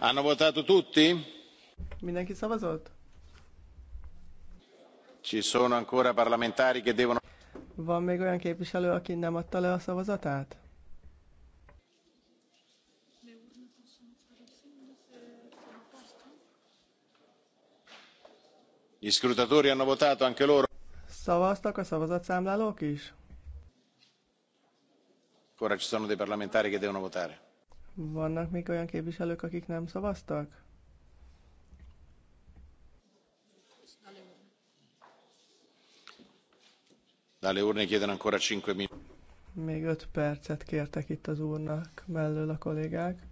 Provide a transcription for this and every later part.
hanno votato tutti? mindenki szavazott? ci sono ancora parlamentari che devono. van még olyan képviselő aki nem adta le a szavazatát? gli scrutatori hanno votato anche loro. szavaztak a szavazatszámlálók is? ancora ci sono dei parlamentari che devono votare. Vannak még olyan képviselők, akik nem szavaztak? Dale urne chiedono 5 Még öt percet kértek itt az úrnak mellől a kollégák.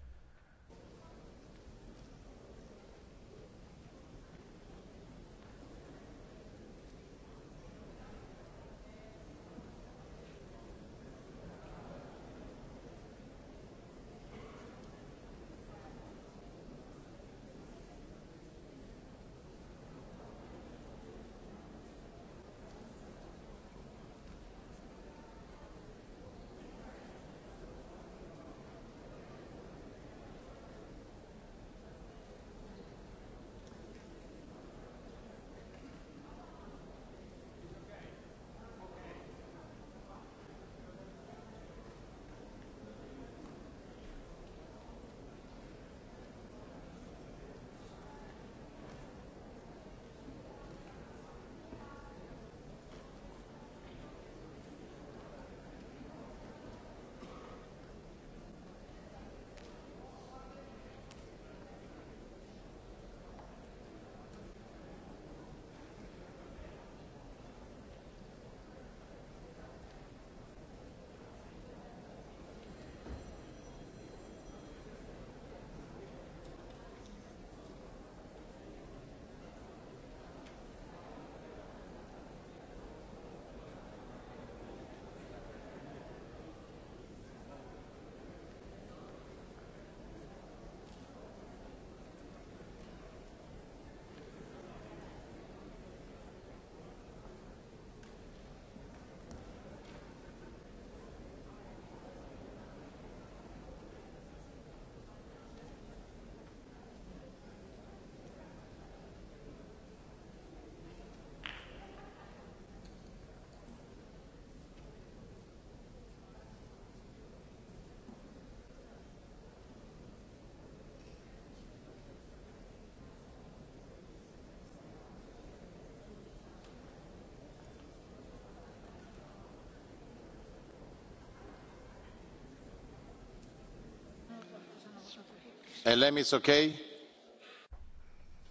elem is okay?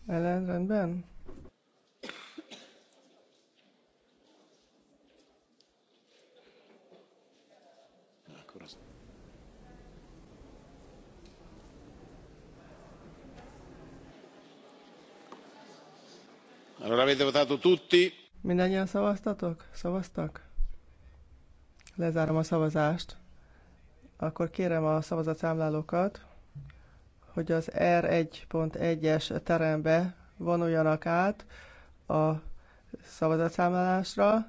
ellen rendben? Allora avete votato tutti? Mindannyian szavaztatok? Szavaztak? Lezárom a szavazást. Akkor kérem a szavazatszámlálókat hogy az R1.1-es terembe vonuljanak át a szavazatszámlálásra.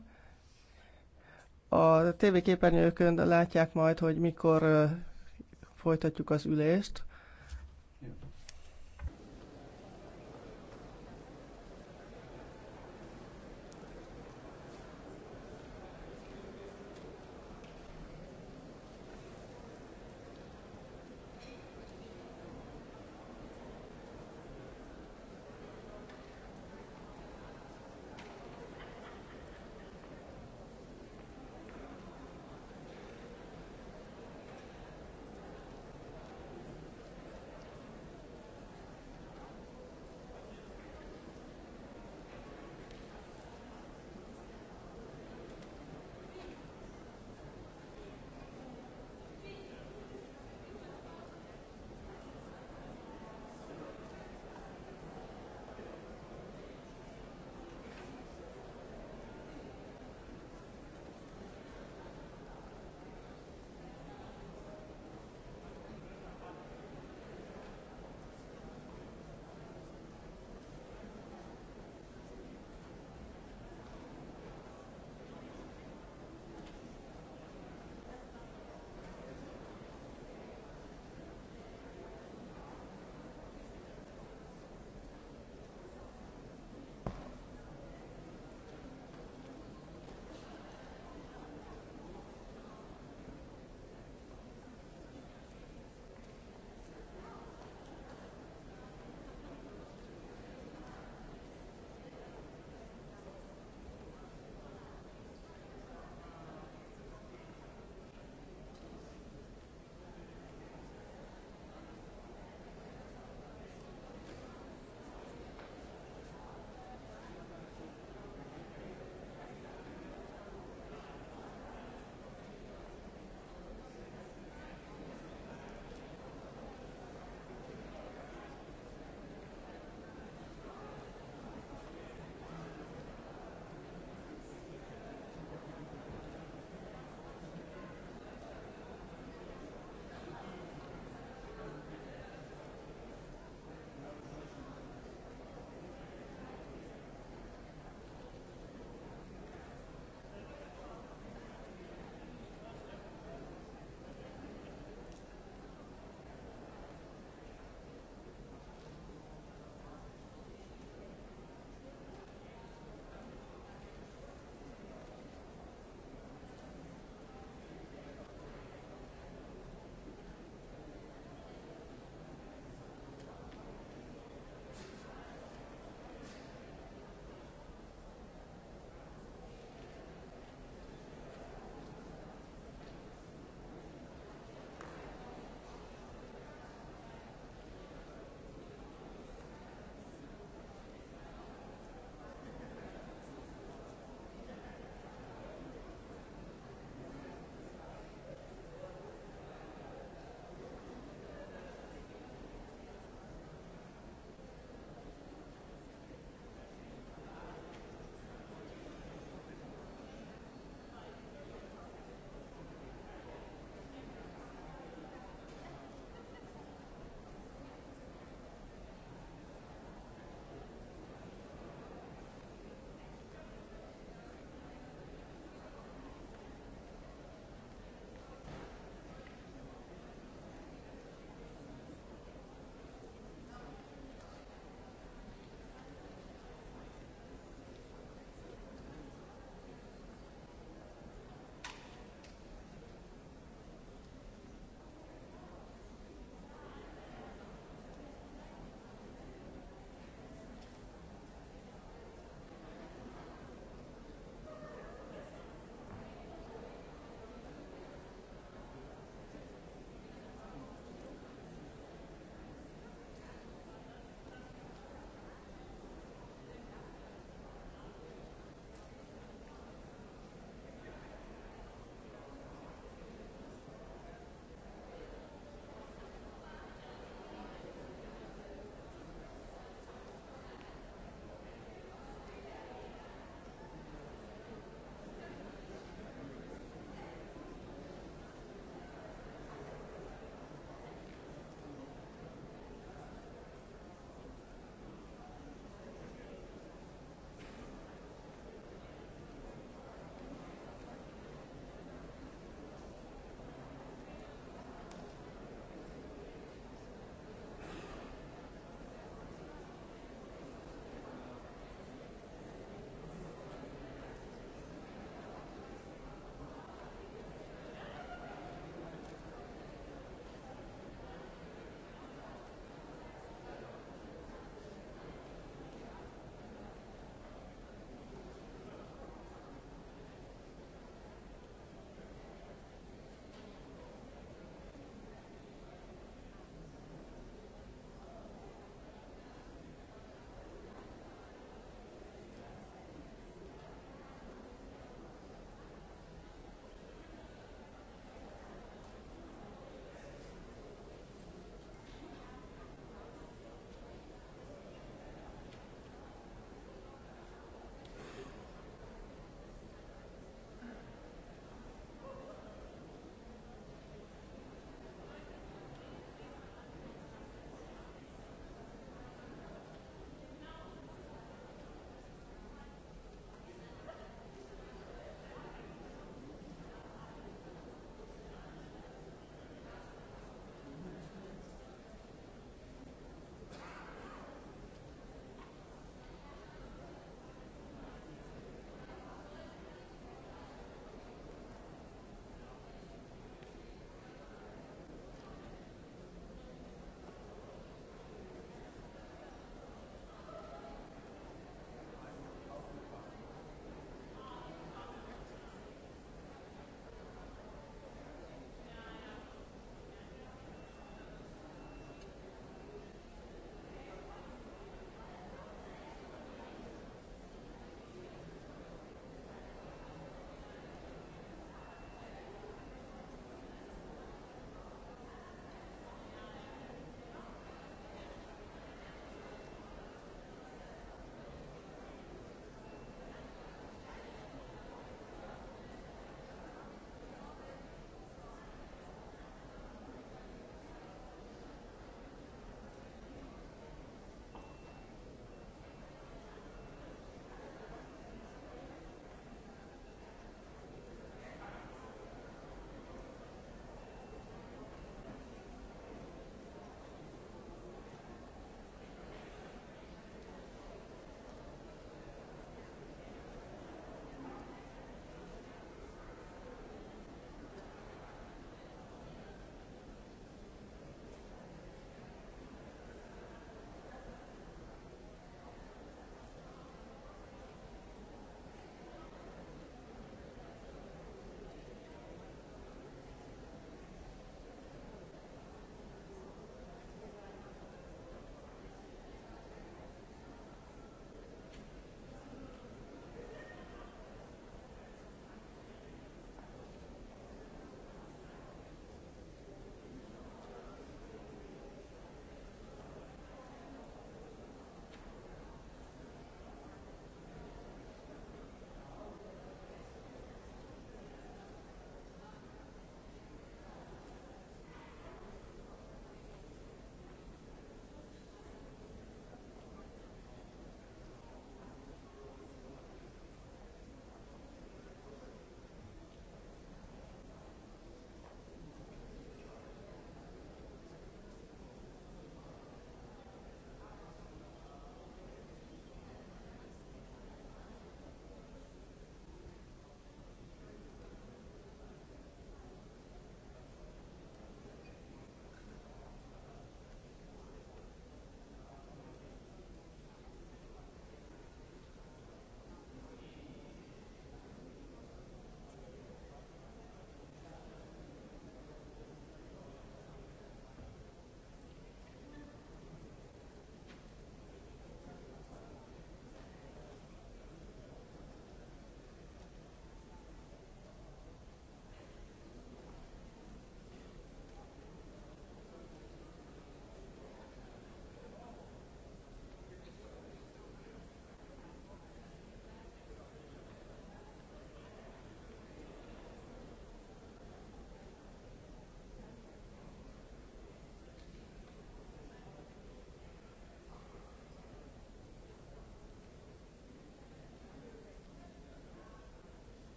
A tévéképernyőkön látják majd, hogy mikor folytatjuk az ülést.